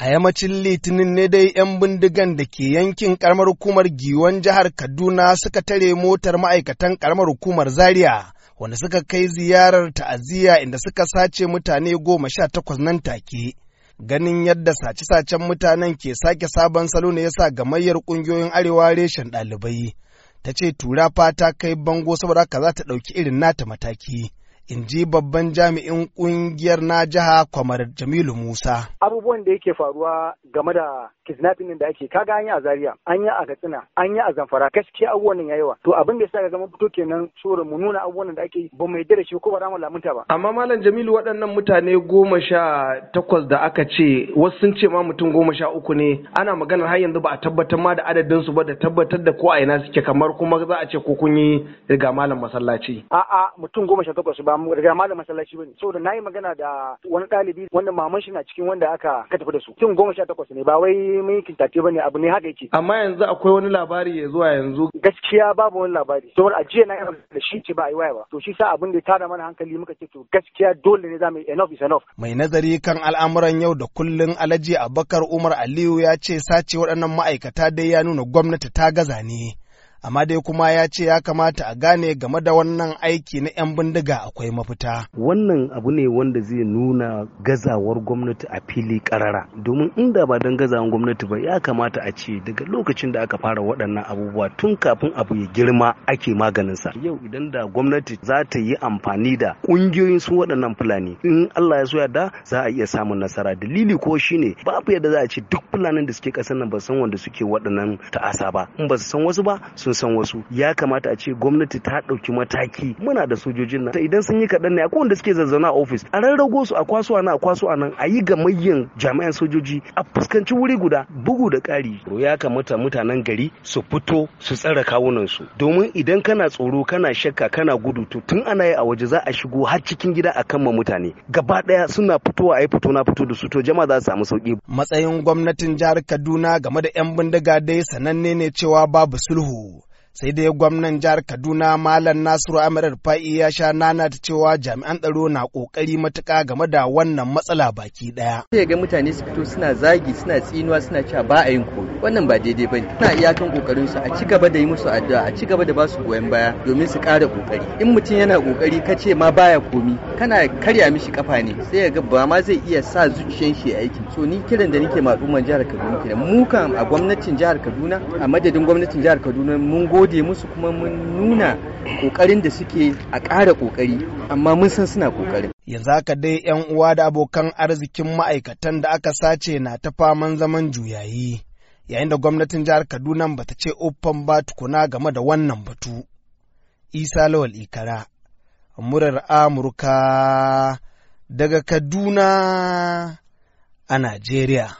A yammacin Litinin ne dai 'yan bindigan da ke yankin karamar hukumar Giwon jihar Kaduna suka tare motar ma'aikatan karamar hukumar Zaria, wanda suka kai ziyarar ta'aziyya inda suka sace mutane goma sha takwas nan take. Ganin yadda sace-sacen mutanen ke sake sabon salo ne yasa gamayyar kungiyoyin arewa reshen ɗalibai. Ta ce tura fata kai bango saboda haka za ta ɗauki irin nata mataki. in ji babban jami'in kungiyar na jiha kwamar Jamilu Musa. Abubuwan da yake faruwa game da kidnapping da ake kaga an yi a Zaria, an yi a Katsina, an yi a Zamfara, gaskiya abubuwan nan yawa. To abin da yasa ga zama fito kenan tsoron mu nuna abubuwan da ake ba mu yarda da shi ko ba za lamunta ba. Amma Malam Jamilu waɗannan mutane goma sha takwas da aka ce wasu sun ce ma mutum goma sha uku ne ana maganar har yanzu ba a tabbatar ma da adadin su ba da tabbatar da ko a ina suke kamar kuma za a ce ko kun yi riga malam masallaci. A'a mutum goma sha takwas ba riga malam masallaci bane saboda nayi magana da wani ɗalibi wanda maman shi na cikin wanda aka ka tafi da su tun goma sha takwas ne ba wai mun yi kintace bane abu ne haka yake amma yanzu akwai wani labari ya zuwa yanzu gaskiya babu wani labari saboda a jiya na yi da shi ce ba a yi waya ba to shi sa abin da ya tara mana hankali muka ce to gaskiya dole ne za mu yi enough is enough mai nazari kan al'amuran yau da kullun Alhaji Abakar Umar Aliyu ya ce sace waɗannan ma'aikata dai ya nuna gwamnati ta gaza ne amma dai kuma ya ce ya kamata a gane game da wannan aiki na 'yan bindiga akwai mafita. Wannan abu ne wanda zai nuna gazawar gwamnati a fili karara domin inda ba don gazawar gwamnati ba ya kamata a ce daga lokacin da aka fara waɗannan abubuwa tun kafin abu ya girma ake maganin sa. Yau idan da gwamnati za ta yi amfani da ƙungiyoyin su waɗannan fulani in Allah ya so da za a iya samun nasara dalili ko shine babu yadda za a ce duk fulanin da suke ƙasar nan ba san wanda suke waɗannan ta'asa ba in ba su san wasu ba su san wasu ya kamata a ce gwamnati ta ɗauki mataki muna da sojojin nan idan sun yi kaɗan ne akwai wanda suke zazzauna a ofis a rarrago su a kwaso a kwaso a nan a yi gamayyan jami'an sojoji a fuskanci wuri guda bugu da ƙari ya kamata mutanen gari su fito su tsare kawunan su domin idan kana tsoro kana shakka kana gudu to tun ana yi a waje za a shigo har cikin gida a kan mutane gaba ɗaya suna fitowa a yi fito na fito da su to jama'a za su samu sauki matsayin gwamnatin jihar Kaduna game da 'yan bindiga dai sananne ne cewa babu sulhu sai dai gwamnan jihar kaduna malam nasiru amirar fa'i ya sha nana ta cewa jami'an tsaro na kokari matuka game da wannan matsala baki daya sai ga mutane su fito suna zagi suna tsinuwa suna cewa ba a yin koyo wannan ba daidai bane suna iyakan kokarin su a ci gaba da yi musu addu'a a ci gaba da ba su goyon baya domin su ƙara kokari in mutum yana kokari ka ce ma baya komi kana karya mishi kafa ne sai ga ba ma zai iya sa zuciyan shi aiki so ni kiran da nake ma al'umman jihar Kaduna kenan mu kan a gwamnatin jihar Kaduna a madadin gwamnatin jihar Kaduna mun go gode musu kuma mun nuna kokarin da suke a ƙara kokari amma mun san suna kokarin yanzu haka dai yan uwa da abokan arzikin ma'aikatan da aka sace na ta faman zaman juyayi yayin da gwamnatin jihar kaduna bata ce uffan ba tukuna game da wannan batu isa lawal ikara murar amurka daga kaduna a najeriya